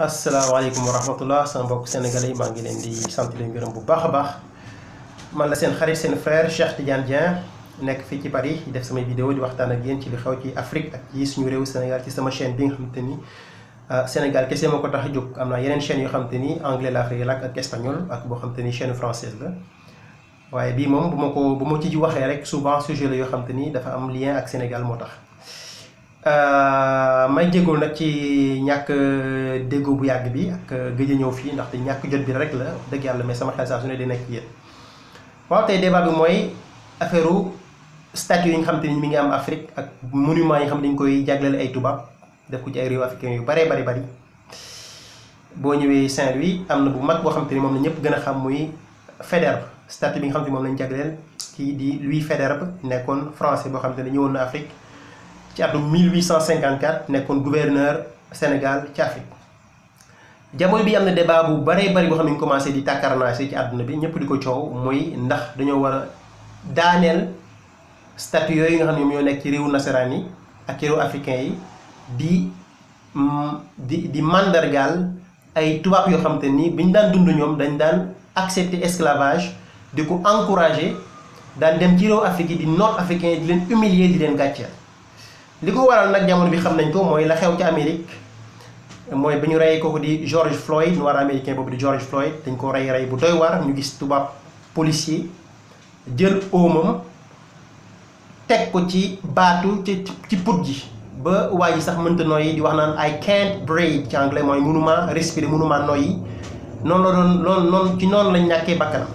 asalaamaaleykum wa rahmatullah sama mbokk sénégalais yi maa ngi leen di sant leen gërëm bu baax a baax man la seen xarit seen frère Cheikh Tidiane Dieng nekk fii ci Paris def samay vidéo di waxtaan ak yéen ci li xew ci Afrique ak suñu réew Sénégal ci sama chaîne bi nga xamante ni ah, Sénégal kese moo ko tax a jóg am naa yeneen chaîne yoo xamante ni anglais laa koy làkk ak espagnol ak boo xamante ni chaîne française la waaye bii moom bu ma ko bu ma ci waxee rek souvent sujet la yoo xamante ni dafa am lien ak Sénégal moo tax. Euh, may jégalu nag ci ñàkk euh, déggoo bu yàgg bi ak euh, gëj ñëw fii ndaxte ñàkk jot bi rek la dëgg yàlla mais sama xel saa su ne di nekk yéen waaw mooy affaire statue yi nga xam ni mi ngi am Afrique ak monument yi xam dañu koy jagleel ay tubaab def ko yu baree bari bari boo ñëwee Saint-Louis am na bu mag boo xam te ni moom na ñëpp gën a xam muy Faidherbe statue bi nga xam te ni moom lañ jagleel kii di Louis Faidherbe nekkoon français boo xam te ne ñëwoon na Afrique ci atum 1854 nekkoon gouverneur Sénégal ci Afrique jamono bi am na débat bu baree bari boo xam ne commencé di tàkkarnaase ci àdduna bi ñëpp di ko coow mooy ndax dañoo war a daaneel statut yooyu nga xam ne ñoom ñoo nekk ci réew nasaraan yi ak ci réewu africain yi di mm, di di mandargaal ay tubaab yoo xam te ni bi ñu daan dund ñoom dañ daan accepter esclavage di ko encourager daan dem ci réewu Afrique yi di nord africain di leen humilier di leen gàcceel. li ko waral nag jamono bi xam nañ ko mooy la xew ci Amérique mooy bi ñu rey ko di George Floyd noir américain boobu di George Floyd dañ ko rey rey bu doy waar ñu gis tubaab policier jël oomam teg ko ci baatu ci ci put ji ba waay ji sax mënta noyyi di wax naan I can't breathe ci anglais mooy mënuma respirer mënuma noyyi noonu la doon loolu noonu ci noonu lañ ñàkkee bakkanam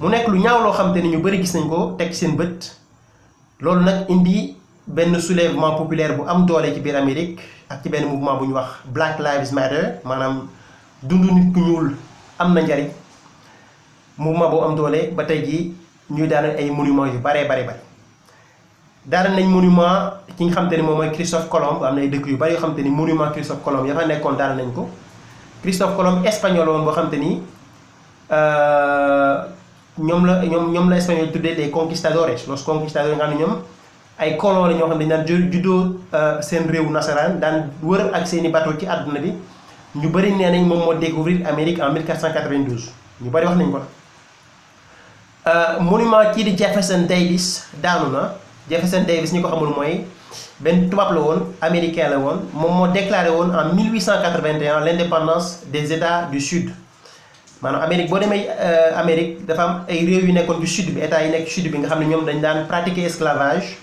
mu nekk lu ñaaw loo xam te ni ñu bari gis nañ ko teg seen bët loolu nag indi benn soulèvement populaire bu am doolee ci biir Amérique ak ci benn mouvement bu ñu wax Black Lives Matter maanaam dundu nit ku ñuul am na njariñ mouvement bu am doole ba tey jii ñuy daanal ay monument yu bare bare bare daanal nañ monument ki nga xam te ni moom mooy Christophe Colomb am na ay dëkk yu bari yoo xam ni monument Christophe Colomb ya fa nekkoon daanal nañ ko Christophe Colomb espagnol woon boo xam te ni euh, ñoom la ñoom ñoom la espagnol tuddee les conquistadores los conquistadores nga xam ne ñoom. ay colon la ñoo xam ne daan judo euh, seen réewu nasaraan daan wër ak seen i ci àdduna bi ñu bëri nee nañ moom moo découvrir Amérique en 1492 ñu bëri wax nañ ko euh, monument kii di Jefferson Davis daanu na Jefferson Davis ñu ko xamul mooy benn tubaab la woon américain la woon moom moo déclaré woon en 1881 l'indépendance des États du Sud maanaam Amérique boo demee euh, Amérique dafa am ay réew yu nekkoon ci sud bi état yi nekk sud bi nga xam ne ñoom dañ daan pratiquer esclavage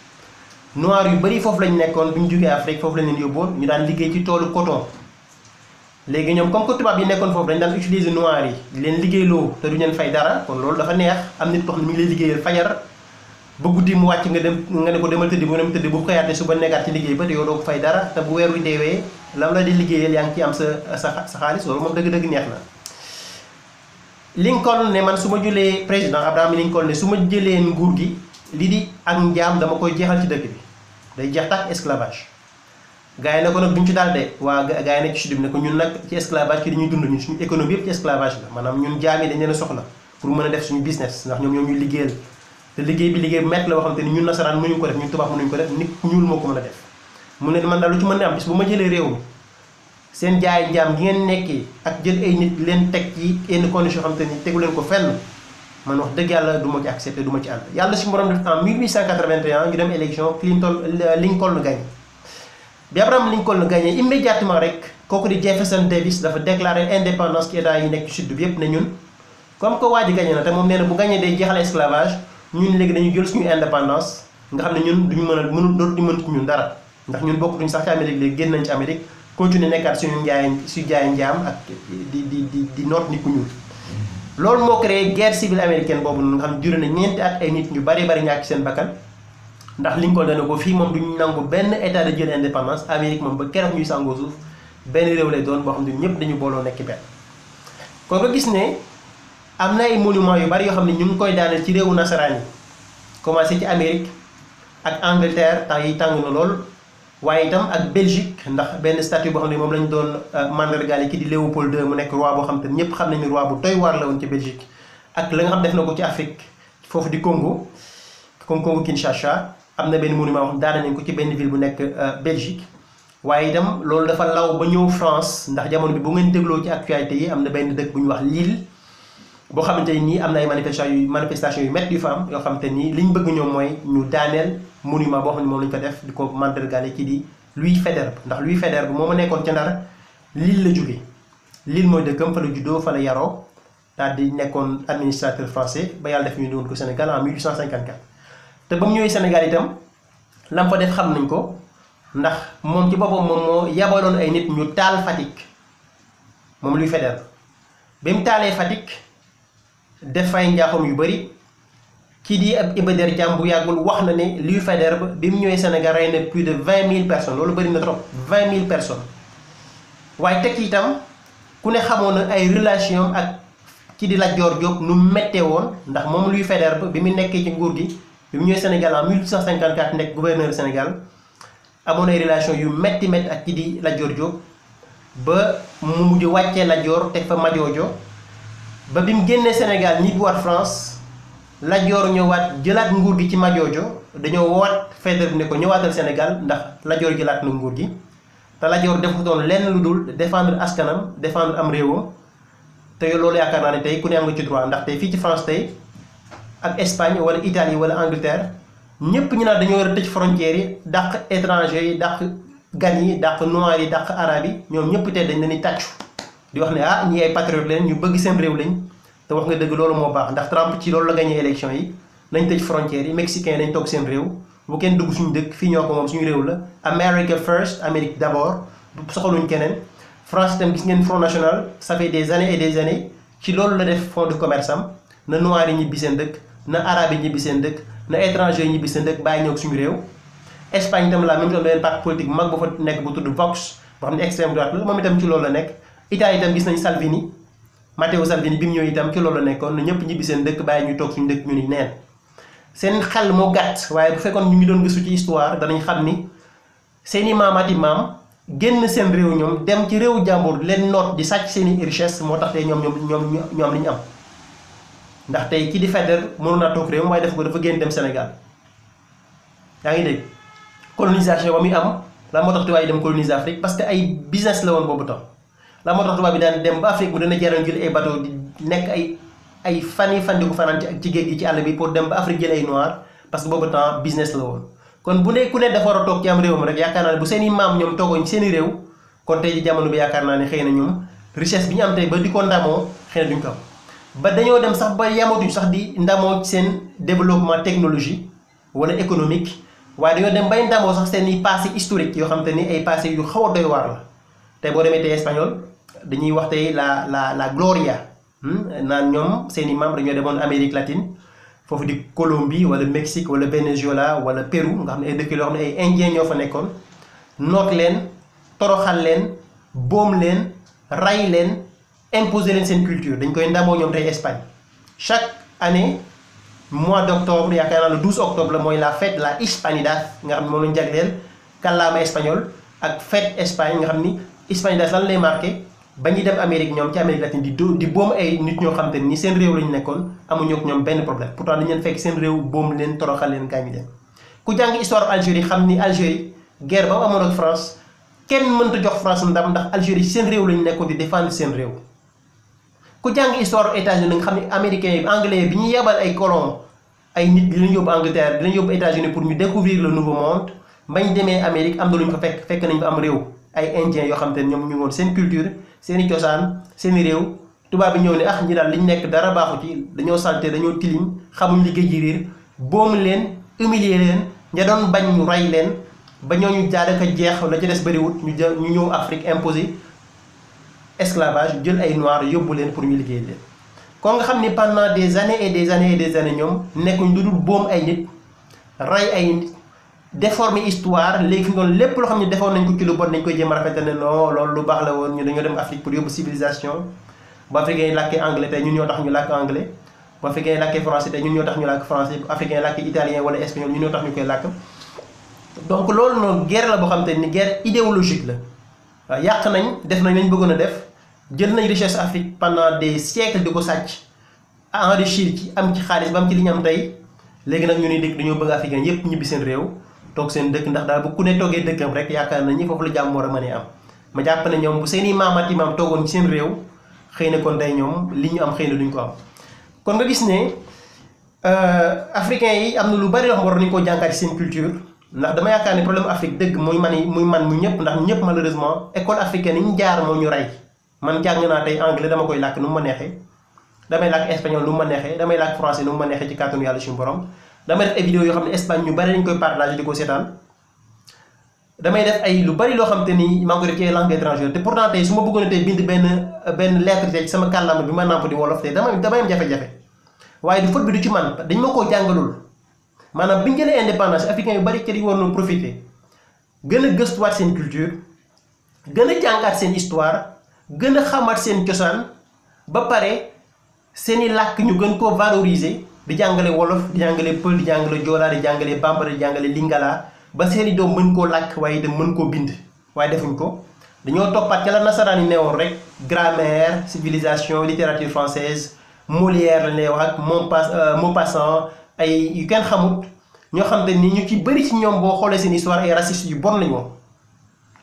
noir yu bëri foofu lañ nekkoon bu ñu jógee Afrique foofu lañ leen yóbboon ñu daan liggéey ci toolu coton léegi ñoom comme que tubaab yi nekkoon foofu dañ daan utiliser noir yi leen liggéeyloo te du leen fay dara kon loolu dafa neex am nit koo xam ne mi ngi lay liggéeyal fajar ba guddi mu wàcc nga dem nga ne ko demal tëdd mu dem tëdd bu xëyaatee suba nekkaat ci liggéey ba te yow doo ko fay dara te bu weer wi deewee lam la di liggéeyal yaa ngi ci am sa sa sa xaalis loolu moom dëgg-dëgg neex na Lincoln ne man su ma jëlee président Abraham Lincoln ne su ma jëlee nguur gi li di ak njaam dama koy jeexal ci dëkk bi day jeex tax esclavage gars yi ko nag duñ ci daal de waa gars yi ne ci sud bi ne ko ñun nag ci esclavage ci dañuy dund ñun suñu économie yëpp ci esclavage la maanaam ñun jaam yi dañ leen a soxla pour mën a def suñu business ndax ñoom ñoom ñu liggéeyal te liggéey bi liggéey bu métti la boo xam te ni ñun nasaraan mënuñu ko def ñun tubaab mënuñu ko def nit ñuul moo ko mën a def mu ne man daal lu ci mën ne am bis bu ma jëlee réew seen jaay njaam ngeen nekkee ak jël nit leen teg ci yenn condition xam ni tegu ko fenn man wax dëgg yàlla du ma ci accepté du ma ci ànd yàlla suñu borom def en 1881 ñu dem élection Clinton euh, Lincoln gagné bi Abraham Lincoln gagné immédiatement rek kooku di Jefferson Davis dafa déclaré indépendance ci état yi nekk ci sud bi yépp ne ñun comme que waa ji gagné na te moom nee na bu gagné day jeexal esclavage ñun léegi dañu jël suñu indépendance nga xam ne ñun duñu mën a mënu dootu mënut ñun dara ndax ñun bokkatuñu sax ci Amérique léegi génn nañ ci Amérique continuer nekkaat suñu njaay suñu jaay njaam ak di di di di noot ñuul loolu moo créé guerre civile américaine boobu noonu nga xam ne jure na ñeenti at ay nit ñu bari bari ñàkk seen bakkan ndax Lincoln dana ko fii moom duñu nangu benn état de jël indépendance Amérique moom ba keroog ñuy sàngoo suuf benn réew lay doon boo xam ne ñëpp dañu booloo nekk benn. kon nga gis ne am na ay monument yu bari yoo xam ne ñu ngi koy daaneel ci réewu nasaraan yi commencé ci Amérique ak Angleterre temps yi tàng na lool. waaye itam ak Belgique ndax benn statue boo xam ne moom lañu doon euh, mandargaale ki di Léopold II mu nekk roi boo xam te ñëpp xam nañu roi bu doy waar la woon ci ak la nga xam def na ko ci Afrique foofu di Congo comme Congo Kinshasa am na benn monument wax daana nañ ko ci benn ville bu nekk euh, Belgique waaye itam loolu dafa law ba ñëw France ndax jamono bi bu ngeen dégloo ci actualité am na benn dëkk bu ñu wax Lille boo xamante nii am na ay manifestation yu manifestation yu métti yu fa yoo xamante nii li ñu bëgg ñoom mooy ñu daaneel monument boo xam ne moom lañ ko def di ko mandargale ci di Louis Faidherbe ndax luy Faidherbe moo ma nekkoon ca Ndar Lille la jóge Lille mooy dëkkam fa la juddoo fa la yaroo daal di nekkoon administrateur français ba yàlla def ñu doon ko Sénégal en 1854 te ba mu ñëwee Sénégal itam lam fa def xam nañ ko ndax moom ci boppam moom moo yabaloon ay nit ñu taal Fatick moom luy Faidherbe bi mu taalee Fatick def fay njaaxum yu bari kii di ab Iba Der Thiam bu yàggul wax na ne Louis Faidherbe bi mu ñëwee Sénégal rey na plus de vingt mille personnes loolu bëri na trop vingt mille personnes waaye teg itam ku ne xamoon na ay relation ak kii di Lat Dior Diop nu méttee woon ndax moom Louis Faidherbe bi mu nekk ci nguur di bi mu ñëwee Sénégal en 1854 nekk gouverneur Sénégal amoon ay relation yu metti métti ak kii di Lat Dior Diop ba mu mujj wàccee Lat Dior teg fa Majoojo ba bi mu génnee Sénégal ñibbi waat France Lajoor ñëwaat jëlaat nguur gi ci Majoojo dañoo woowaat Faidherbe bi ne ko ñëwaatal Sénégal ndax Lajoor jëlaat na nguur gi te Lajoor defu lenn lu dul défendre askanam défendre am réewam te loolu yaakaar naa ne tey ku ne am nga ci droit ndax tey fii ci France tey ak Espagne wala Italie wala Angleterre ñëpp ñu naan dañoo war a tëj frontières yi dàq étranger yi dàq gan yi dàq noir yi dàq arabe yi ñoom ñëpp tey dañ leen di tàccu di wax ne ah ñi ay patriote ñu bëgg seen réew lañ. te wax nga dëgg loolu moo baax ndax Trump ci loolu la gagné élection yi nañ tëj frontières yi mexicain nañ toog seen réew bu kenn dugg suñu dëkk fii ñoo ko moom suñu réew la America first Amérique d'abord soxaluñ keneen France itam gis ngeen Front National ça des années et des années ci loolu la def fond de commerce am na noir ñibbi seen dëkk na arabe yi ñibbi seen dëkk na étranger yi ñibbi seen dëkk bàyyi ñëw suñu réew Espagne itam la même chose nekk bu tudd Vox boo xam ne ci loolu la nekk Italie itam gis nañ Salvini Matteo Salvini bi mu ñëw itam ci loolu nekkoon na ñëpp ñibbi seen dëkk bàyyi ñu toog suñu dëkk ñu ni neen seen xel moo gàtt waaye bu fekkoon ñu ngi doon gëstu ci histoire danañ xam ni seeni maamaati maam génn seen réew ñoom dem ci réew jàmbur leen noot di sàcc seeni richesse moo tax tey ñoom ñoom ñoom ñoom li ñu am ndax tey ki di Faidherbe mënoon naa toog réewam waaye def ko dafa génn dem Sénégal yaa ngi dégg colonisation ba muy am lan moo tax parce que ay business la boobu tam la moo tax tubaab bi daan dem ba Afrique bu dana jaroon jël ay bateau di nekk ay ay fan yi fan di fanaan ci géej gi ci àll bi pour dem ba Afrique jël ay noir parce que boobu temps business la woon bu ne ku ne dafa war a toog ci am réewam rek yaakaar naa ne bu seen i maam ñoom toogoon seen i réew kon tey jamono bi yaakaar naa ne xëy na ñoom richesse bi ñu am tey ba di ko ndamoo xëy na duñ ko ba dañoo dem sax ba yamatuñ sax di ndamoo seen développement technologie wala économique waaye dañoo dem bay ndamoo sax seen i passé historique yoo xam te ni ay passé yu xaw a doy waar la tey boo demee tey espagnol dañuy wax tey la la la Gloria hmm? naan ñoom seen i membres ñoo demoon Amérique latine foofu di Colombie wala Mexique wala Venezuela wala Pérou nga xam ne ay dëkk yoo xam ne ay indiens ñoo fa nekkoon noot leen toroxal leen boom leen ray leen imposer leen seen culture dañ koy ndamoo ñoom tey Espagne chaque année mois d' octobre yaakaar naa le 12 octobre la mooy la fête la Hispanidad nga xam ne moom lañu jagleel kàllaama espagnol ak fête Espagne nga xam ni Hispanidad lan lay ba ñu dem Amérique ñoom ci Amérique latine di doo di boom ay nit ñoo xam te ni seen réew lañu nekkoon amuñu ñoom benn problème pourtant dañu leen fekk seen réew boom leen toroxal leen gaañu leen ku jàng histoire Algérie xam ni Algérie guerre ba amoon ak France kenn mënta jox France ndam ndax Algérie seen réew lañu nekkoon di défendre seen réew ku jàng histoire États-Unis nga xam ne américains yi anglais bi ñuy yebal ay colons ay nit ñu leen yóbbu Angleterre di leen yóbbu États-Unis pour ñu découvrir le nouveau monde bañ demee Amérique am na lu ñu fa fekk fekk nañ fa am réew ay indiens yoo xam te ñoom ñu woon seen culture seeni cosaan seeni réew tubaab bi ñëw ne ah ñi daal liñ nekk dara baaxu ci dañoo salte dañoo tilim xamuñ liggéey ji réer boomu leen humilier leen ña doon bañ ñu roy leen ba ñoo ñooñu jaadaka jeex la ca des bëriwut ñu ñu ñëw Afrique imposé esclavage jël ay noir yóbbu leen pour ñu liggéey leen kon nga xam ni pendant des années et des années et des années ñoom nekkuñ du dul boom ay nit rey ay nit déformer histoire léegi fi mu doon lépp loo xam ne defoon nañ ko ci nañ koy jéem a rafetal ne non loolu lu baax la woon ñu dañoo dem Afrique pour yóbbu civilisation bu africain yi làkkee anglais tey ñu làkk anglais bu africain yi làkkee français tey ñun ñoo tax ñu làkk français bu africain yi làkkee italien wala espagnol ñun ñoo tax loolu noonu guerre la boo xam te ni guerre idéologique la waaw yàq nañ def nañ lañ bëggoon a def jël nañ richesse Afrique pendant des siècles di ko sàcc enrichir ci am ci xaalis ba am ci li ñu am tey léegi nag ñu ne dañoo bëgg africain yépp ñibbi seen réew toog seen dëkk ndax daal bu ku ne toogee dëkkam rek yaakaar nañu foofu la jàmm war a mën a am ma jàpp ne ñoom bu seen i maamaat yi maam toogoon seen réew xëy na kon day ñoom li ñu am xëy na duñ ko am kon nga gis ne euh, africain yi am na lu bari loo xam waroon nañu koo jànkaat ci seen culture ndax dama yaakaar ne problème Afrique dëgg muy man muy mu ñëpp ndax ñëpp malheureusement école africaine yi ñu jaar moo ñu rey man jàng naa tey anglais dama koy làkk nu ma neexee damay làkk espagnol nu mu ma neexee damay làkk ci kàttanu yàlla suñu borom damay def ay vidéo yoo xam ne Espagne ñu bari dañ koy partage di ko seetaan damay def ay lu bari loo xam te ni maa ngi ko def ci langue étrangère te pourtant tey su benn benn lettre tey ci bi ma nàmp di wolof tey damay damay am jafe-jafe waaye du faute bi du ci man dañ ma koo jàngalul maanaam bi ñu jëlee indépendance africain yu bari ci di war na profité gën a gëstuwaat seen culture gën a jàngaat seen histoire gën a xamaat seen cosaan ba pare seeni làkk ñu gën koo valoriser di jàngale wolof di jàngale pël di jàngale joolaa di jàngale bambara di jàngale lingala ba seeni doom mën koo làkk waaye itam mën koo bind waaye defuñ ko dañoo toppaat ca la nasaraan yi neewoon rek grammaire civilisation littérature française Molière la ne wax ak euh, Maupassant ay yu kenn xamut ñoo xam te ni ñu ci bëri ci ñoom boo xoolee seen histoire ay raciste yu bon lañu woon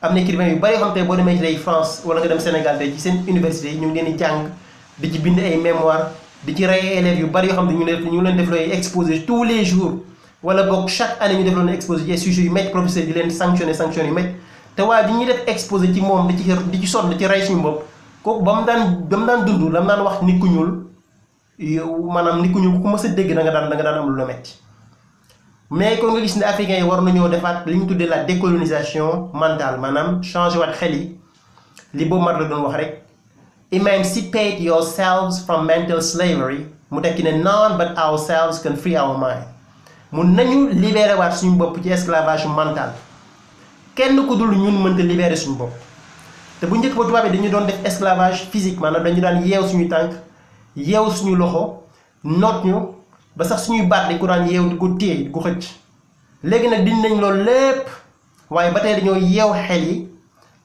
am na écrivain yu bari yoo xam boo demee ci lay France wala nga dem Sénégal ci seen université ñu ngi leen di jàng di ci bind ay mémoire di ci rey élèves yu bari yoo xam ne ñu ne ñu leen def looy exposé tous les jours wala boog chaque année ñu def loon exposé ci sujet yu métti professeur di leen sanctionné sanction yu métti te waaye bi ñuy def exposé ci moom di ci di ci sonn di ci rey suñu bopp kooku ba mu daan ba daan dund la mu daan wax nit ku ñuul yow maanaam nit ku ñuul ku mës a dégg da nga daan da nga daan am lu la mais kon nga gis ne africains yi war nañoo defaat li ñu tuddee la décolonisation mentale maanaam changé waat xel yi li boobu mat doon wax rek si emancipate yourselves from mental slavery mu tekki ne none but ourselves can free our mind mun nañu libéré waat suñu bopp ci esclavage mental kenn ku dul ñun mënta libéré suñu bopp te bu njëkk ba tubaab dañu doon def esclavage physique maanaam dañu daan yeew suñu tànk yeew suñu loxo noot ñu ba sax suñu baat di ko daan yeew di ko téye xëcc léegi nag dindi nañ loolu lépp waaye ba tey dañoo yeew xel yi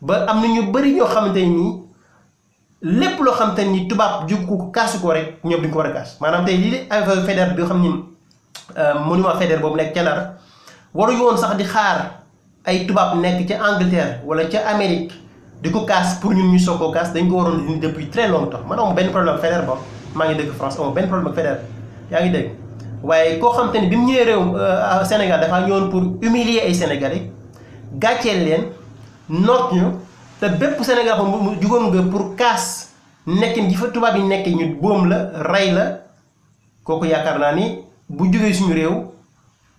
ba am na ñu bëri ñoo xamante ni lépp loo xam te ni tubaab jug ko kaas ko rek ñoom duñ ko war a kaas maanaam tey lii de Faidherbe bi xam ni euh, monument Faidherbe boobu nekk ca Ndar waruñu woon sax di xaar ay tubaab nekk ca Angleterre wala ca Amérique di ko kaas pour ñun ñu soog koo kaas dañ ko waroon dindi depuis très longtemps man amul benn problème ak Faidherbe boobu maa ngi dëkk France amul benn problème ak Faidherbe yaa ngi dégg waaye koo xam te ni bi mu ñëwee réew euh, Sénégal dafa ñëwoon pour humilier ay Sénégalais gàcceel leen noot ñu. te bépp Sénégal ko mu jugoon nga pour kaas nekkin ji fa tubaab yi nekk ñu boom la rey la kooku yaakaar naa ni bu jógee suñu réew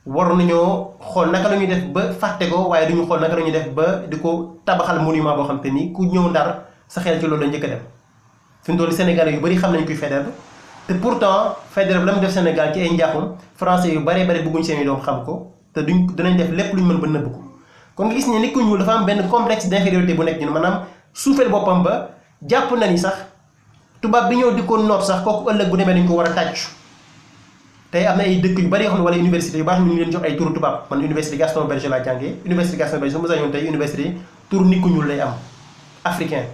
war nañoo xool naka la ñuy def ba fàtte ko waaye duñu xool naka la ñuy def ba di ko tabaxal monument boo xam te ni ku ñëw ndar sa xel ci loolu la njëkk a dem fi mu toll Sénégalais yu bari xam nañu kuy Faidherbe te pourtant Faidherbe la mu def Sénégal ci ay njaaxum français yu bare bari bëgguñ seen i doom xam ko te duñ dinañ def lépp luñ mën ba nëbb ko kon nga gis ne nit ko ñuul dafa am benn complexe d'infériorité bu nekk ñun maanaam suufeel boppam ba jàpp na ni sax tubaab bi ñëw di ko noot sax kooku ëllëg bu demee dañu ko war a tàccu tey am na ay dëkk yu bari yoo xam ne wala université yu baax ñu ngi jox ay turu tubaab man université Gaston Berger laa jàngee université Gaston Berger su ma sañoon tey université tur nit ku ñuul lay am africain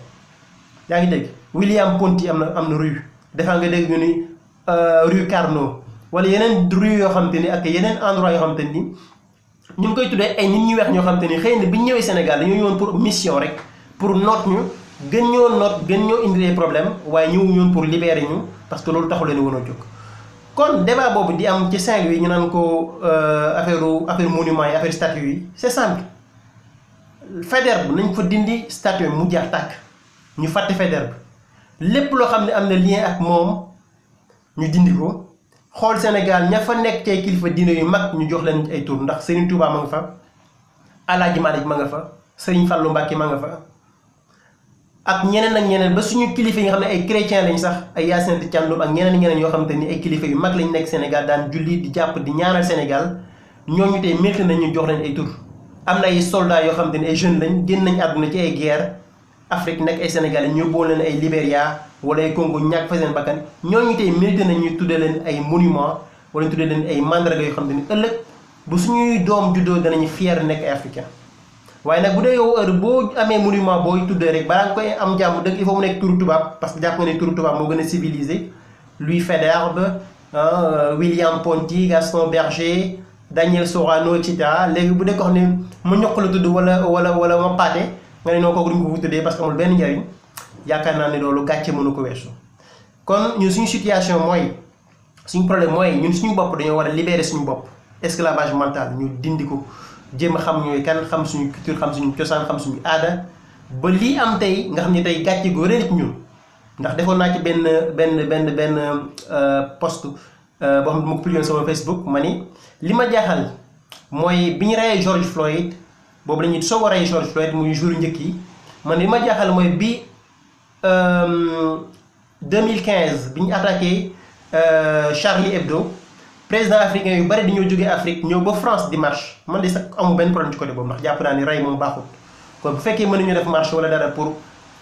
yaa ngi dégg William Ponty am na am na rue defaa nga dégg ñu ni euh, rue Carnot wala yeneen rue yoo xam te ni ak yeneen endroit yoo xam te ni ñu ngi koy tuddee ay nit ñi weex ñoo xam te ni xëy na bi ñu ñëwee Sénégal dañoo ñëwoon pour mission rek pour noot ñu gën ñoo noot gën ñoo indi problème waaye ñëwuñu woon pour libérer ñu parce que loolu taxu leen woon a jóg. kon débat boobu di am ci saint yi ñu naan ko euh, affaire affaire monument yi affaire statue yi c'est simple Faidherbe nañ fa dindi statue mu jaar tàkk ñu fàtte Faidherbe lépp loo xam ne am na lien ak moom ñu dindi ko. xool Sénégal ña fa nekk tey kilifa diine yu mag ñu jox leen ay tur ndax seeni Touba ma nga fa Alaaji Malik ma nga fa Serigne Fallou Mbacke ma nga fa ak ñeneen ak ñeneen ba suñu kilifa yi nga xam ne ay chrétien lañ sax ay Hyacinthe Thiandoum ak ñeneen ñeneen yoo xam te ni ay kilifa yu mag lañu nekk Sénégal daan julli di jàpp di ñaanal Sénégal ñooñu tey mérite nañ ñu jox leen ay tur am na ay soldats yoo xam te ni ay jeunes lañ génn nañ àdduna ci ay guerre Afrique nekk ay Sénégalais ñu boole leen ay Libéria wala ay Congo ñàkk fa seen bakkan ñooñu tey mérité ñu tuddee leen ay monument wala ñu tuddee leen ay mandarga yoo xam ne ni ëllëg bu suñuy doom juddoo danañu fier nekk ay africain waaye nag bu dee yow heure boo amee monument booy tuddee rek balaa nga koy am jàmm dëgg il faut mu nekk turu tubaab parce que jàpp nga ne turu tubaab moo gën a civilisé Louis Faidherbe euh, William Ponty Gaston Berger Daniel Sorano et cetera léegi bu dee ma ñoq la tudd wala wala wala ma nga ne noo kooku duñ ko tuddee parce que amul benn njariñ yaakaar naa ne loolu gàcce mënu ko weesu kon ñun suñu situation mooy suñu problème mooy ñun suñu bopp dañoo war a libérer suñu bopp esclavage mental ñu dindi ko jéem a xam ñooy kan xam suñu culture xam suñu cosaan xam suñu aada ba lii am tey nga xam ni tey gàcce goo rëy ñun ndax defoon naa ci benn benn benn benn euh, post euh, boo xam ne ma ko publié sama Facebook ma ni li ma jaaxal mooy bi ñu reyee George Floyd boobu la ñuy soog a rey George Floyd muy jour njëkk yi man li ma jaaxal mooy bi 2015 euh, bi ñu attaqué euh, Charlie Hebdo président africain yu bari dañoo jógee Afrique ñëw ba France di marche man de sa amu benn problème ci côté boobu ndax jàpp naa ni rey moom baaxul kon bu fekkee mënuñu def marche wala dara pour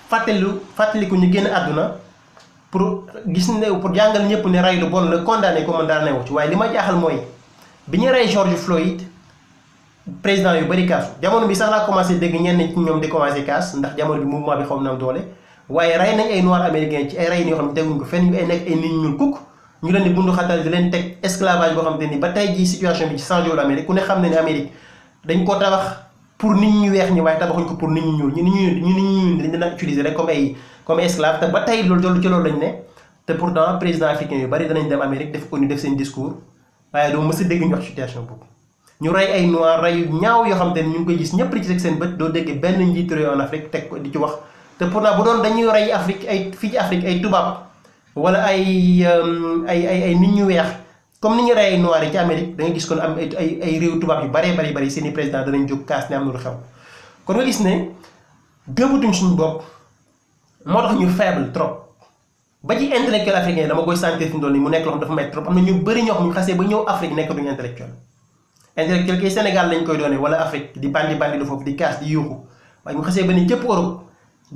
fàttali fàttaliku ñu génn àdduna pour gis ne pour jàngal ñëpp ne rey lu bon la condamné ko man daal newu ci waaye li ma jaaxal mooy bi ñu rey George Floyd. président yu bëri kaasu jamono bi sax laa commencé dégg ñenn ci ñoom di commencé kaas ndax jamono bi mouvement bi xaw na am doole waaye rey nañ ay noirs américains ci rey yoo xam ne teguñ ko te ni ba tey jii situation bi weex ñi waaye tabaxuñ pour nit ñu ñuul ñu nit ñu ñu nit ñu ñuul dañ utiliser comme ay comme esclave te ba tey loolu loolu ci loolu lañ ne te pourtant président africain yu bëri danañ dem Amérique def ko ñu def seen discours waaye doo mës a dégg ñu wax situation boobu ñu rey ay noir rey ñaaw yoo xam te ne ñu ngi koy gis ñëpp di ci seen bët doo dégg benn njiitu réew en Afrique teg ko di ci wax te pourtant bu doon dañuy rey Afrique ay fii ci Afrique ay tubaab wala ay euh, ay ay ay nit ñu weex comme ni ñu rey ay noir yi ci Amérique da gis kon am ay réew tubaab yu baree bari bari seeni i président danañ jóg kaas ne am na lu xew kon nga gis ne gëmatuñ suñu bopp moo tax ñu faible trop. ba ci intellectuel africain dama koy sentir fi mu toll nii mu nekk loo xam dafa may trop am na ñu bëri ñoo xam ñu intellectuel kay Sénégal lañ koy doone wala Afrique di bandi bandi lu foofu di kaas di yuuxu waaye mu xasee ba ni képp Europe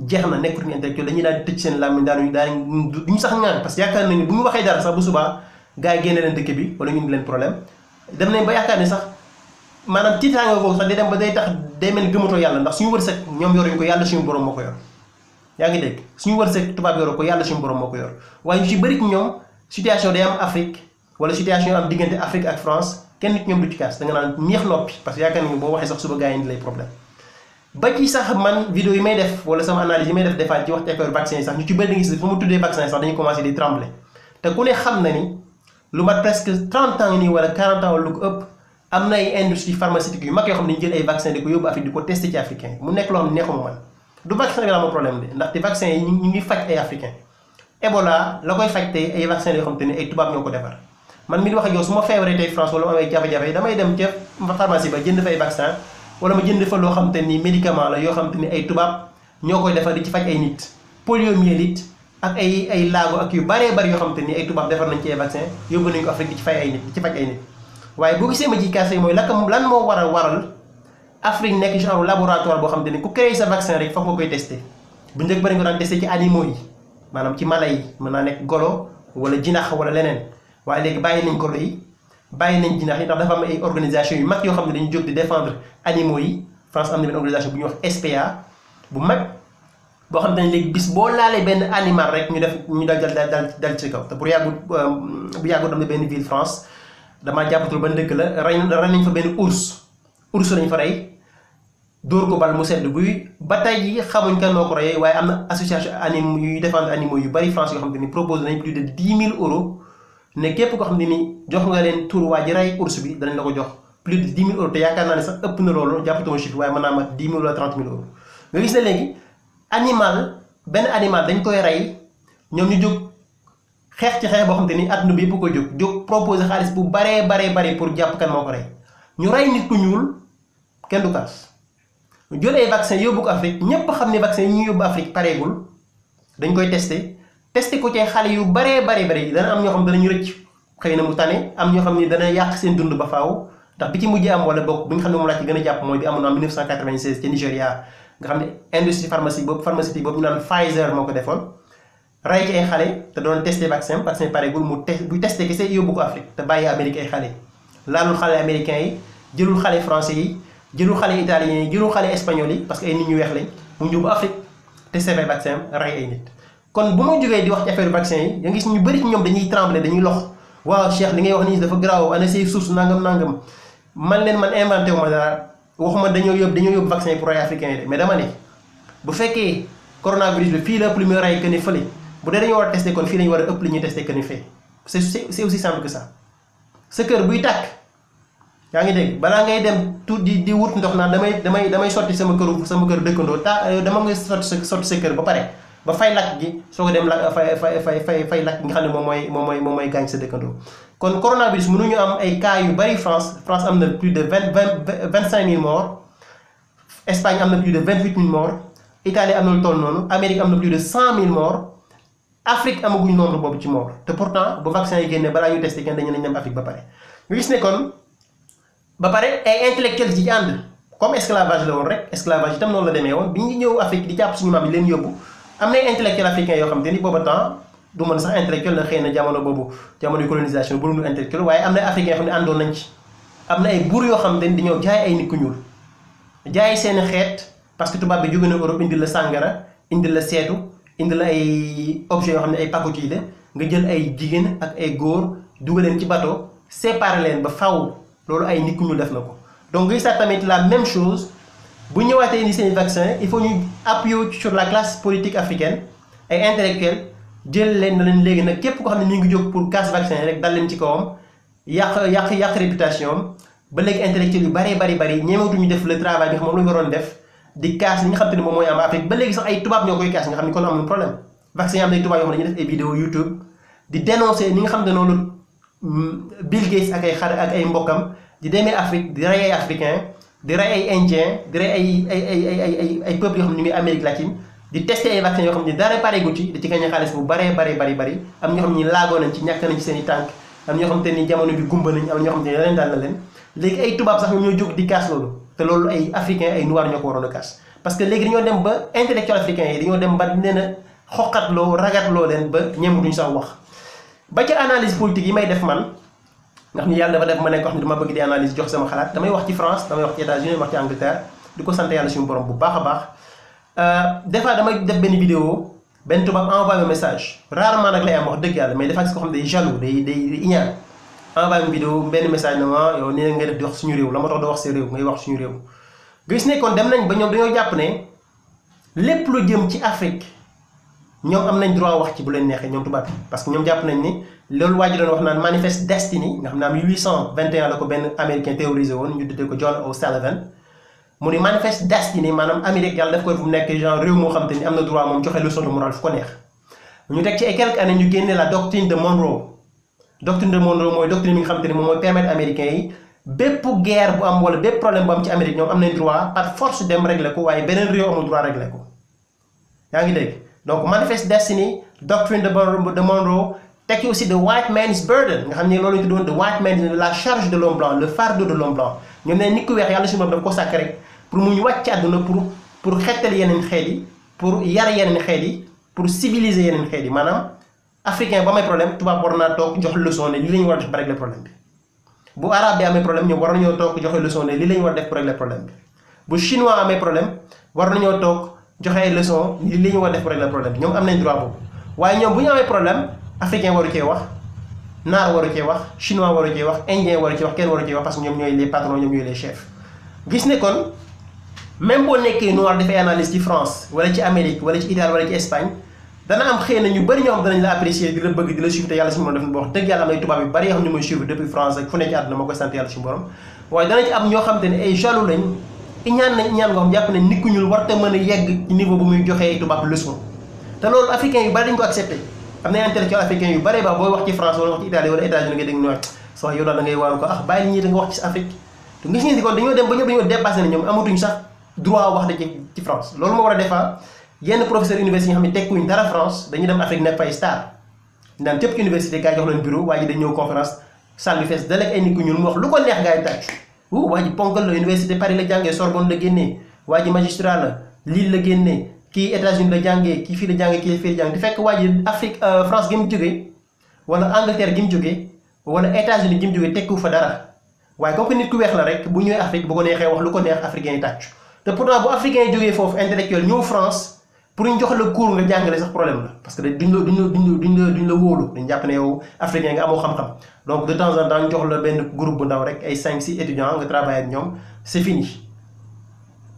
jeex na nekkatuñu intellectuel dañuy daal di tëj seen làmmiñ daanuñu daanuñu duñu sax ngaan parce que yaakaar nañu bu ñu waxee dara sax bu subaa gars yi génne leen dëkk bi wala ñu indi leen problème dem nañ ba yaakaar ni sax maanaam tiitaanga boobu sax day dem ba day tax day mel gëmatoo yàlla ndax suñu wërsëg ñoom yoruñu ko yàlla suñu borom moo ko yor yaa ngi dégg suñu wërsëg tubaab yoroo ko yàlla suñu borom moo ko yor waaye ñu wala situation am diggante Afrique kenn nit ñoom du ci kaas da nga naan ñeex noppi parce que yaakaar nañu boo waxee sax suba gars yi lay problème ba ci sax man vidéo yi may def wala sama analyse yi may def defaat ci wax ci affaire vaccin yi sax ñu ci bëri gis fu mu tuddee vaccin yi sax dañuy commencé di trembler te ku ne xam na ni lu mat presque 30 nii wala 40 ans wala lu ko ëpp am na ay industrie pharmaceutique yu mag yoo xam ne jël ay vaccin di ko yóbbu Afrique di ne neexuma man bi la am problème de ndaxte vaccin yoo xam te ne ko defar man mi di wax ak yow su ma feebaree tey France wala ma amee damay dem ca pharmacie ba jënd fay vaccin wala ma jënd fa loo xam te ni médicament la yoo xam te ni ay tubaab ñoo koy defar di ci faj ay nit poliomyélite ak ay ay laago ak yu baree bari yoo xam ni ay tubaab defar nañ ci ay vaccin yóbbu nañ ko Afrique di ci fay ay nit di ci faj ay nit waaye boo gisee lan moo war a waral Afrique nekk genre laboratoire boo xam te ni ku créé sa vaccin rek foog nga koy testé bu njëkk ba dañ ko daan testé ci animaux yi maanaam ci mala yi mën naa nekk golo wala jinax wala leneen waaye léegi bàyyi nañ ko yi bàyyi nañ jinax yi ndax dafa am ay organisation yu mag yoo xam ne dañu jóg di défendre animaux yi France am na benn bu ñuy wax SPA bu mag boo xam ne léegi bis boo laalee benn animal rek ñu def ñu dal dal dal dal ci kaw te bu yàggut euh, bu yàggut am na benn ville France damaa jàppatul ba dëkk la rey nañ fa benn ours ours lañ fa rey dóor ko bal mu sedd guy ba tey jii xamuñ kan noo ko reyee waaye am na association anim yuy défendre animaux yu bar France yoo xam ne proposé nañ plus de ne képp ko xam ne ni jox nga leen tur waa ji rey ours bi danañ la ko jox plus de 10 000 euros te yaakaar naa ne sax ëpp na loolu jàppatuma chiffre waaye mën naa mat 10 000 wala 30 000 euros nga gis ne léegi animal benn animal dañ koy rey ñoom ñu jóg xeex ci xeex boo xam te ni adduna bi yëpp ko jóg jóg proposé xaalis bu baree bare baree pour jàpp kan moo ko rey ñu rey nit ku ñuul kenn du kaas jël ay vaccin yóbbu ko Afrique ñëpp xam ne vaccin yi ñu yóbbu Afrique pareegul dañ koy testé testé ko ci xale yu baree bare bare dana am ñoo xam danañu rëcc xëy na mu tane am ñoo xam ne dana yàq seen dund ba faaw ndax bi ci mujjee am wala bokk bi nga xam ne moom laa gën a jàpp mooy bi amoon en 1996 ci Nigéria nga xam ne industrie pharmacie boobu pharmacie boobu ñu naan Pfizer moo ko defoon ray ci ay xale te doon testé vaccin vaccin pareegul mu te bu testé yóbbu ko Afrique te bàyyi Amérique ay xale laalul xale américains yi jëlul xale français yi jëlul xale italiens yi jëlul xale español yi parce que ay nit ñu weex lañ mu ñëw kon bu ma jógee di wax ci affaire vaccin yi nga gis ñu bëri ci ñoom dañuy trembler dañuy lox waaw Cheikh li ngay wax nii dafa garaaw ana say source nangam nangam man leen man inventé wu ma dara waxuma dañoo yóbbu dañoo yóbbu vaccin pour ay africain yi de mais dama ne bu fekkee coronavirus bi fii la ëpp lu muy rey que bu dee dañoo war a testé kon fii lañu war a ëpp li ñuy testé que si fee c'est c'est aussi simple que sa kër buy tàkk yaa ngi dégg balaa ngay dem tout di di wut ndox naan damay damay damay sotti sama këru sama kër dëkkandoo ta dama ngay sa sotti sa ba pare ba fay lakk gi soo ko dem la fay fay fay fay lakk gi nga xam ne moom mooy moom mooy moom mooy gaañ sa dëkkandoo kon coronavirus mënuñu am ay cas yu bari France France am na plus de vingt vingt cinq mille morts Espagne am na plus de vingt huit mille morts Italie am na lu toll noonu Amérique am na plus de cent mille morts Afrique amaguñ nombre boobu ci morts te pourtant bu vaccin yi génnee balaa ñu testé kenn dañu ne ñam Afrique ba pare ñu gis ne kon ba pare ay intellectuels yi ànd comme esclavage la woon di jàpp suñu maam yi leen am na intellectuel africain yoo xam te ni booba temps du mën sax intellectuel la xëy na jamono boobu jamono colonisation bu dul intellectuel waaye am na africain yoo xam ne àndoon nañ ci am na ay buur yoo xam te ni dañoo jaay ay nit jaay seen xeet parce que tubaab bi jóge na Europe indi la sàngara indi la seetu indi la ay objets yoo xam ne ay pacotille la nga jël ay jigéen ak ay góor dugaleen ci bateau séparer leen ba faw loolu ay nit ñuul def na ko bu ñëwaatee indi seen vaccin il faut ñu appuyer sur la classe politique africaine ay intellectuels jël leen na leen léegi nag képp ko xam ne mi ngi jóg pour casse vaccin rek dal leen ci kawam yàq yàq yàq réputation am ba léegi intellectuels yu bari bari bari ñemeetuñu def le travail bi nga xam la ñu def di casse li xam te ne moom mooy am Afrique ba léegi sax ay tubaab ñoo koy casse nga xam ne kon amul problème vaccin yi am nañ tubaab yoo xam ne dañuy def ay vidéo YouTube di dénoncer ni nga xam ne noonu Bill Gates ak ay xar ay mbokkam di demee Afrique di rey ay africain di rey ay indien di rey ay ay ay ay ay ay peuples yoo xam ne muy Amérique latine di testé ay vaccin yoo xam ne dara pare gu ci di ci gagné xaalis bu baree bare bari bari am ñoo xam ne laagoo nañ ci ñàkk nañ ci seen i tànk am ñoo xam te ni jamono bi gumba nañ am ñoo xam te ni leneen daal na leen léegi ay tubaab sax ñoo jóg di kaas loolu te loolu ay africain ay noir ñoo ko waroon a kaas parce que léegi dañoo dem ba intellectuel africain yi dañoo dem ba nee na xoqatloo leen ba ñem duñu sax wax ba ca analyse politique yi may def man ndax ni yàlla dafa def ma nekk ko xam ne dama bëgg di analyse jox sama xalaat damay wax ci France damay wax ci États-Unis wax ci Angleterre di ko sant yàlla suñu borom bu baax a baax euh, des fois damay def benn vidéo benn tubaab envoyé ma message rarement nag lay am wax dëgg yàlla may dafa gis ko xam ne day jaloux day day iñaan envoyé ma benn message na ma yow nii nga def di wax suñu réew la ma tax doo wax sa réew ngay wax suñu réew gis ne kon dem nañ ba ñoom dañoo jàpp ne lépp lu jëm ci Afrique ñoom am nañ droit wax ci bu leen neexee ñoom tubaab bi parce que ñoom jàpp nañ ni loolu waa ji doon wax naan manifeste destiny nga xam ne am 821 daf koy fu nekk genre réew moo xam am na droit moom joxe leçon de morale fu génne la doctrine de Monroe doctrine de Monroe mooy doctrine bi nga xam te ni moom mooy permettre américains yi bépp guerre bu am wala bépp problème bu am ci Amérique ñoom am nañ droit par force dem régler ko waaye beneen réew amul droit régler ko yaa ngi dégg donc manifest destiny doctrine de Monroe tekki aussi the white man's burden nga xam ne loolu ñu tuddoon the white man la charge de l'homme blanc le fardeau de l'homme blanc ñoom ne nit ku weex yàlla suñu borom dafa ko sàkk rek pour mu ñu wàcc àdduna pour pour xettal yeneen xeet yi pour yar yeneen xeet yi pour civiliser yeneen xeet yi maanaam africain ba may problème tubaab war naa toog jox leçon ne li la ñu war a def ba régler problème bi bu arabe bi amee problème ñoom la ñu war a def pour régler problème bi problème war nañoo toog joxe leçon li li ñu war def pour régler problème ñoom am nañ droit boobu waaye ñoom bu ñu amee problème africain waru cee wax naar waru cee wax chinois waru cee wax indien waru cee wax kenn waru cee wax parce ñoom ñooy les patrons ñoom ñooy les chefs gis ne kon même boo nekkee noir dafay analyse ci France wala ci Amérique wala ci Italie wala ci Espagne dana am xëy na ñu bëri ñoo xam danañ la apprécier di la bëgg di la suivre te yàlla si moom def na boo am ñoo xam te ne ay jaloux lañ te ñaan nañ ñaan nga xam ne nit ñuul war te mën a yegg niveau bu muy joxee tubaab leçon te loolu africain yu bari dañ ko accepté am na intellectuel africain yu bari ba wax ci France wala wax ci Italie wala États-Unis nga dégg ñu wax soo yow daal da ngay waaru ko ah bàyyi dem ba ñëpp dañoo dépassé ne ñoom amatuñ sax droit wax de ci ci France loolu moo war a defar yenn professeur université yi xam ne tekkuñ dara France dañu dem Afrique nekk fay star daan tépp ci université gaa jox leen bureau waaye ji ñëw conférence sàlli fees dalek ay nit ñuul mu wax lu ko neex gaa yi wuu waa ji ponkal la université Paris la jàngee Sorbonne la génnee waa ji magistrat la Lille la génnee kii États-Unis la jàngee kii fii la jàngee kii fii la jàngee di fekk waa ji Afrique euh, France gi mu jógee wala Angleterre gi mu jógee wala États-Unis gi mu jógee fa dara waaye kooku nit ku weex la rek bu ñëwee Afrique bu ko neexee wax lu ko neex africain yi tàccu te pourtant bu africain yi jógee foofu intellectuel ñëw France. pour ñu jox la cours nga jàngale sax problème la parce que duñ la duñ la ñu la duñ la wóolu dañ jàpp ne yow africain nga amoo xam-xam donc de temps en temps ñu bu ndaw rek ay 5 6 étudiants nga travaille ak ñoom c'est fini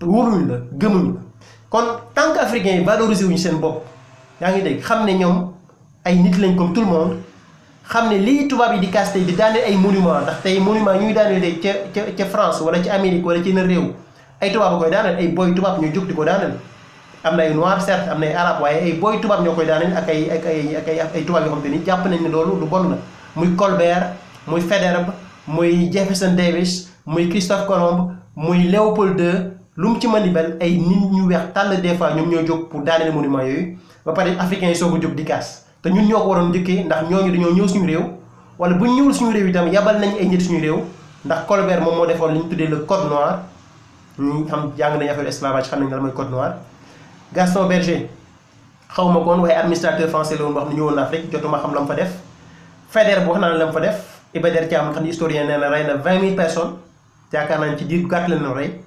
wóoluñu la gëmuñu kon tant que africain yi valoriser wuñu seen bopp yaa ngi dégg xam ne ñoom ay nit lañ comme tout le monde xam ne lii tubaab yi di casse tey di daaneel ay monument ndax tey monument ñuy daaneel ca ca ca France wala ci Amérique wala ci yeneen réew ay tubaab a koy daaneel ay boy tubaab ñuy jóg di ko daaneel. am na ay noir certes am na ay arab waaye ay booy tubaab ñoo koy daaneel ak ay ak ay ak ay ay tubaab yoo xam te ni jàpp nañ ne loolu lu bon la muy Colbert muy Faidherbe muy Jefferson Davis muy Christophe Colomb muy Léopold II lu mu ci mën di mel ay nit ñu weex tàll des fois ñoom ñoo jóg pour daaneel monument yooyu ba pare africains yi soo ko jóg di kaas te ñun ñoo ko waroon njëkkee ndax ñooñu dañoo ñëw suñu réew wala bu ñëwul suñu réew itam yabal nañ ay nit suñu réew ndax Colbert moom moo defoon li ñu tuddee le code noir ñu xam jàng nañ affaire esclavage xam nañ la mooy code noir Gaston Berger xaw ma koon waaye administrateur français la woon wax ni ñëwoon Afrique jotuma xam la mu fa def Faidherbe bu wax naa la mu fa def Iba Der Thiam xam ne historien nee na rey na vingt mille personnes yaakaar naa ne ci diir bu la ñu rey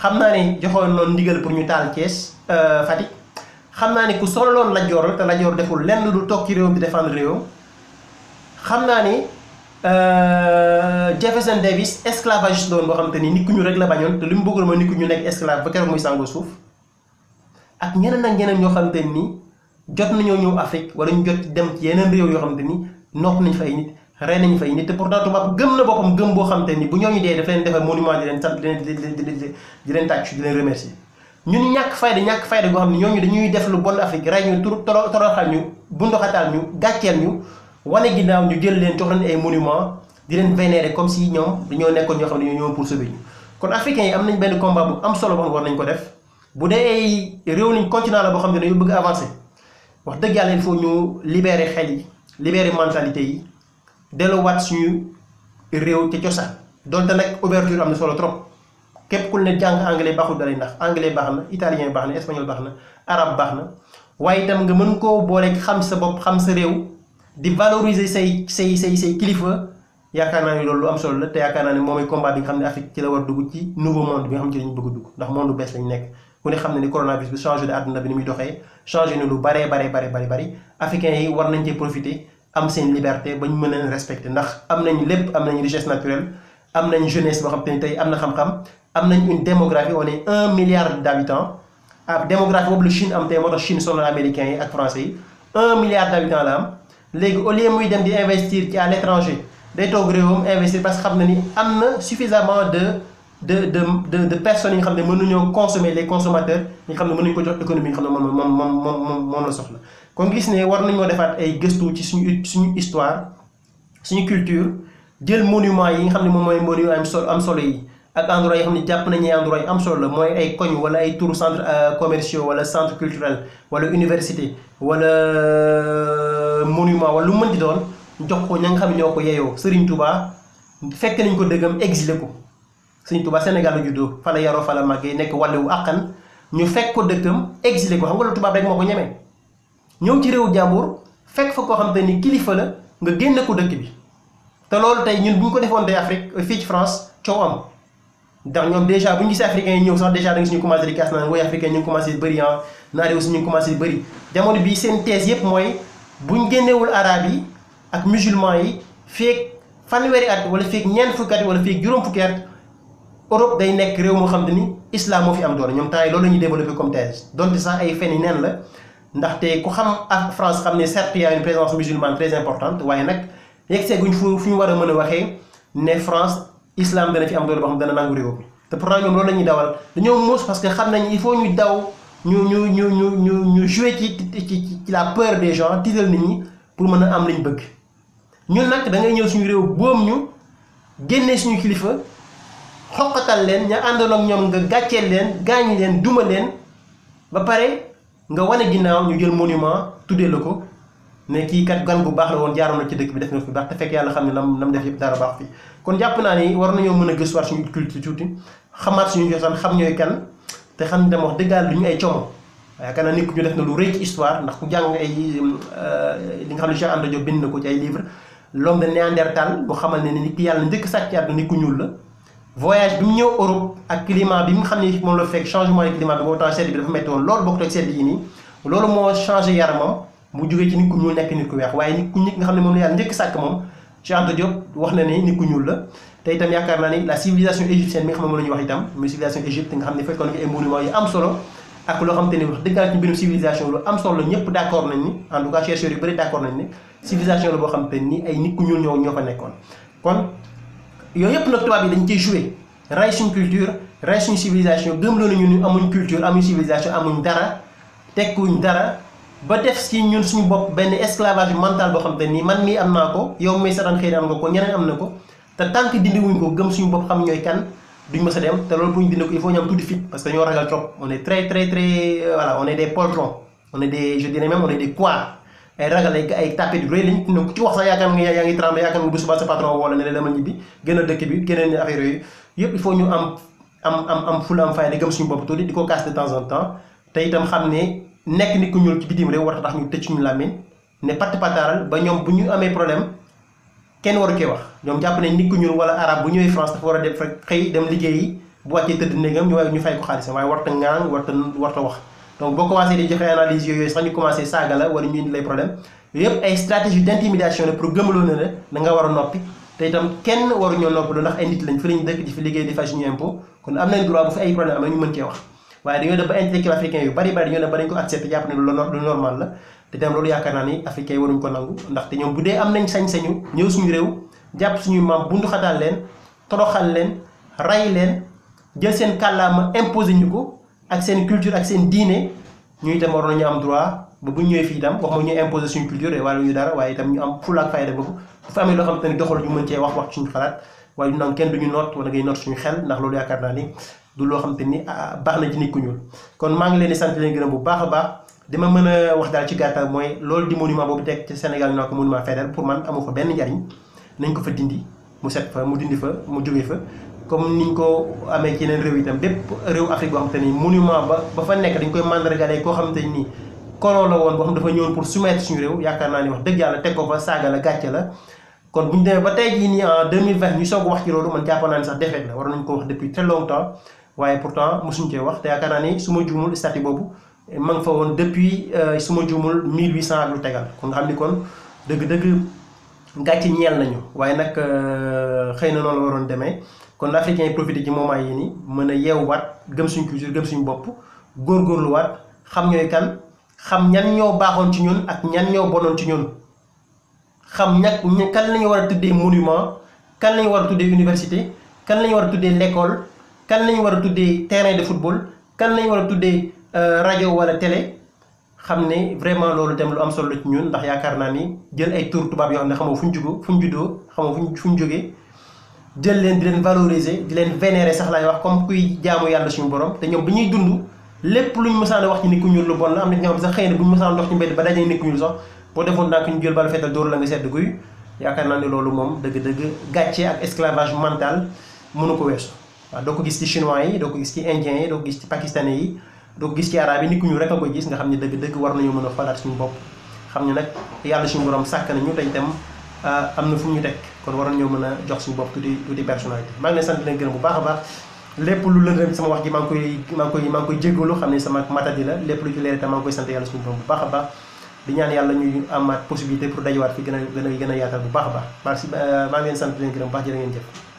xam naa ne joxoon noonu ndigal pour ñu taal Thiès euh, Fatick xam naa ne ku solloon Lat Joor la te Lat deful lenn lu toog réew réewam di défendre réewam xam naa ni euh, Jefferson Davis esclavagiste doon boo xam te ni nit ku ñu rek la bañoon te li mu bëggoon mooy nit ñu nekk esclave ba keroog muy sàngoo suuf ak ñeneen ak ñeneen ñoo xam ne ni jot nañoo ñëw Afrique wala ñu jot dem yeneen réew yoo xam xamante ni nopp nañu fay nit rey nañu fay nit te pourtant tubaab gëm na boppam gëm boo xamante ni bu ñooñu dee daf leen defal monument di leen sant di leen di leen tàcc di leen remercier xam ne ñooñu dañuy def lu bon Afrique rey ñu tur toroxal ñu bundoxataal ñu gàcceel ñu wane ginnaaw ñu jël leen jox leen ay monument di leen vénérer comme si ñoom dañoo nekkoon ñoo xam ne ñoo ñëwoon pour sauver ñu kon africains yi am nañ benn combat bu am solo boo xam war nañ ko def bu dee ay réew nañ continent la boo xam ne dañoo bëgg avancer wax dëgg yàlla il faut ñu libérer xel yi libérer mentalité yi delluwaat suñu réew ca cosaan donte nag ouverture am na solo trop képp ku ne jàng anglais baaxul dalay ndax anglais baax na italien baax na espagnol baax na arabe baax na waaye itam nga mën koo booleeg xam sa bopp xam sa réew di valoriser say say say say kilifa yaakaar naa ne loolu lu am solo la te yaakaar naa ne moomay combat bi ci la war dugg ndax monde bees lañu nekk. ku ne xam na ni coronavirus bi changé na àdduna bi ni muy doxee changé na lu baree baree bare bari bari africains yi war nañ cee profiter am seen liberté bañ mën leen respecter ndax am nañ lépp am nañ richesse naturelle am nañ jeunesse boo xam te ni tey am na xam-xam am nañ une démographie on est un milliard d'habitants ah démographie boobu la Chine am tey moo tax Chine sonal américains yi ak français yi un milliard d'habitants la am au lieu muy dem di investir ci à parce que xam na ni am na suffisamment de de de personne personnes yi nga xam ne mën nañoo consommer les consommateurs yi nga xam ne mën mënuñu ko jox économie yi nga xam ne moom moom moom moom moom la soxla kon gis ne war nañoo defaat ay gëstu ci suñu suñu histoire suñu culture jël monument yi nga xam ne moom mooy monument am solo am solo yi ak endroit yi xam ne jàpp nañu endroit yi am solo la mooy ay koñ wala ay tour centre euh, commerciaux wala centre culturel wala université wala euh, monument wala lu mën di doon jox ko ña nga xam ne ko yeyoo Serigne Touba fekk nañ ko dëggam exilé ko. Sëñ Tuubaa Sénégal la juddoo fa la yaroo fa la màggee nekk wàllewu àqan ñu fekk ko dëkkam exilé ko xam nga loolu tubaab rek moo ko ñemee ñëw ci réew jàmbur fekk fa koo xam te ni kilifa la nga génne ko dëkk bi te loolu tey ñun bu ñu ko defoon tey Afrique fii ci France coow am ndax ñoom bu ñu gisee africain yi sax dèjà da nga suñu commencé di kaas naan woy africain ñu ngi commencé bëri ah naari aussi ñu ngi commencé bëri jamono bii seen thèse yépp mooy buñ génneewul arabe yi ak musulman yi feeg fanweeri at wala feeg ñeent fukki at wala feeg juróom fukki at Europe day nekk réew moo xam te ni islam moo fi am doole ñoom temps yi loolu la ñuy développé comme thèse donte sax ay fen yi neen la ndaxte ku xam ak France xam ne certes y a une présence musulmane très importante waaye nag yegsee guñ fu fu ñu war a mën a waxee ne France islam dana fi am doole boo xam dana nangu réew bi te pourtant ñoom loolu dawal dañoo parce que xam nañ il faut ñu daw ñu ñu ñu ñu ñu ñu jouer ci ci ci la peur des gens tiital nit ñi pour mën a am liñ bëgg ñun nag da ngay ñëw suñu réew boom ñu génnee suñu kilifa. xoqatal leen ña àndoon ak ñoom nga gàcceel leen gaañ leen duma leen ba pare nga wane ginnaaw ñu jël monument tuddee la ko ne kii kat gan bu baax la woon jaaroon ci dëkk bi def na fi baax te fekk xam ne lam lam def yëpp dara baax fi kon jàpp naa ni war nañoo mën a gëstuwaat suñu culture tuuti xamaat suñu cosaan xam ñooy kan te xam ne dama wax dëggaal du ñu ay como yaakaar naa nit ñu def na lu rëy ci histoire ndax ku jàng ay euh, li nga xam ne Cheikh Anta Diop bind na ko ci ay livre l'homme de Néandertal bu xamal ne ni nit ki yàlla ndëkk sàcc àdduna nit ku ñuul la voyage bi mu ñëw Europe ak climat bi mu xam ne moom la fekk changement de climat bi boo tax sedd bi dafa métti woon loolu bokkut ak sedd yi nii loolu moo changé yaramam ku ñuul nekk nit ku weex waaye ku nit nga xam ne moom la yàlla njëkk sàkk moom Cheikh Anta wax na ne nit ku ñuul la itam yaakaar civilisation égyptienne nga xam ne moom la ay monuments yu am solo ak loo xam te ne wax am solo ñëpp d' accord nañ ni en tout cas chercheurs yu bëri d' accord nañ ni civilisation la ni ay nit ku ñuul ñoo ñoo fa nekkoon kon yooyu yëpp nag tubaab yi dañ cee joué ray suñ culture ray suñ civilisation gëm loolu ñun amuñ culture amuñ civilisation amuñ dara tekkuñ dara ba def si ñun suñu bopp benn esclavage mental boo xam te nii man mii am naa ko yow may sataan xëy na nga ko ñeneen am na ko te tant que dindiwuñ ko gëm suñu bopp xam ñooy kan duñ mës a dem te loolu pour ñu dindi ko il faut ñu am fit parce que ñoo ragal trop on est très très très euh, voilà on est des o des quoi ay ragal ay ay tapis yu rëy lañ ne ku ci wax sax yaakaar nga yaa ngi tremble yaakaar nga bu suba sa patron woo la ne dama ñibbi gën a dëkk bi génne affaire yooyu yëpp il faut ñu am am am am fula am fayda gëm suñu bopp xam ne nekk nit ku ñuul ci bitim réew war a tax ñu tëj suñu làmmiñ ne ba ñoom bu ñu amee problème kenn waru kee wax ñoom jàpp ne nit ku ñuul wala arabe bu ñëwee France dafa war a def rek xëy dem liggéey liggéeyi bu wàccee tëdd néegam ñu ñu fay ko xaalisam waaye warta ŋaang warta warta wax donc boo commencé di joxe analyse yooyu sax ñu commencé saaga la wala ñu indi lay problème yooyu ay stratégie d'intimidation la pour gëmloo ne da nga war a noppi te itam kenn waruñoo noppalu ndax ay nit lañ fi lañ dëkk di fi liggéey di fay suñu impôt kon am nañ droit bu fi ay problème am na ñu mën cee wax waaye dañoo dem ba intellectuel africain yu bari bari dañoo dem ba dañ ko accepté jàpp ne lu normal la te itam loolu yaakaar naa ni africain yi waruñu ko nangu ndaxte ñoom bu dee am nañ sañ-sañu leen toroxal leen ray leen seen kàllaama imposé ñu ko ak seen culture ak seen diine ñu itam war ñu am droit ba bu ñëwee fii itam wax ma ñu imposer suñu culture et wàllu ñu dara waaye itam ñu am fulla ak fayda boobu bu fa amee te ne doxal mën cee wax wax suñu xalaat waaye du naan kenn duñu noot wala ngay noot xel ndax loolu yaakaar naa ni du loo xam te ni ah, baax na ci nit ku ñuul kon maa ngi leen di sant leen bu baax a dama mën a wax daal ci gàttal mooy loolu di monument boobu teg ci Sénégal ñu naan ko monument Faidherbe pour man amu fa benn njariñ nañ ko fa dindi mu set fa mu dindi fa mu jógee fa comme niñ ko amee ci yeneen réew itam bépp réew Afrique boo xam te ni monument ba ba fa nekk dañ koy mandargaale koo xam te ni colon la woon boo xam dafa ñëwoon pour soumettre suñu yaakaar naa ni wax dëgg yàlla teg ko fa saaga la gàcce la kon ñu demee ba tey jii nii en 2020 ñu soog wax ci loolu man jàpp naa ni sax défaite la war nañ ko wax depuis très longtemps waaye pourtant mosuñ cee wax te yaakaar naa ni su ma juumul statut boobu ma nga fa woon depuis euh, su ma juumul 1800 ak lu tegal kon nga xam ni kon dëgg-dëgg gàcce ñeel nañu waaye nag euh, xëy na noonu waroon demee kon l'africain yi profité ci moment yi nii mën a waat gëm suñ culture gëm suñu bopp góor góorgóorluwaat xam ñooy kan xam ñan ñoo baaxoon ci ñun ak ñan ñoo bonoon ci ñun xam ñak kan la war a tuddee monument kan la war a tuddee université kan lañu war a tuddee l'école kan lañu war a tuddee terrain de football kan la war a tuddee euh, rajo wala télé xam ne vraiment loolu dem lu am solo ci ñun ndax yaakaar naa ni jël ay tur tubaab yoo xam ne xamoo fu ñu jugo fu ñu juddoo xamoo fu ñu fu ñu jógee jël leen di leen valoriser di leen vénérer sax lay wax comme kuy jaamu yàlla suñu borom te ñoom bi ñuy dund lépp luñ mësaan wax ci nit ku ñuul lu bon la am na ñoo xam sax xëy na buñ mësaan dox ci mbedd ba dajee nit ku ñuul sax boo defoon naa ko ñu jël bala fetal la nga sedd guy yaakaar naa ne loolu moom dëgg-dëgg gàcce ak esclavage mental mënu ko su waaw doo ko gis ci chinois yi doo ko gis ci indiens yi doo ko gis ci pakistanais yi doo ko gis ci arabe yi nit ku ñuul rek a gis nga xam ne dëgg-dëgg war nañu mën a falaat suñu bopp xam ne nag yàlla suñu borom sàkk nañu te itam Euh, am na fu ñu teg kon waroon ñoo mën a jox su bopp tuuti tuuti personnalité maa ngi sant leen gërëm bu baax a baax lépp lu lëndëm sama wax ji maa ngi koy maa ngi koy maa koy jégalu xam ne sama matadi la lépp lu ci leer itam maa ngi koy sant yàlla suñu borom bu baax a baax di ñaan yàlla ñu amaat possibilité pour dajawaat fi gën a gën a gën a yaatal bu baax a baax merci euh, maa ngi leen sant leen gërëm bu baax jërë ngeen jëf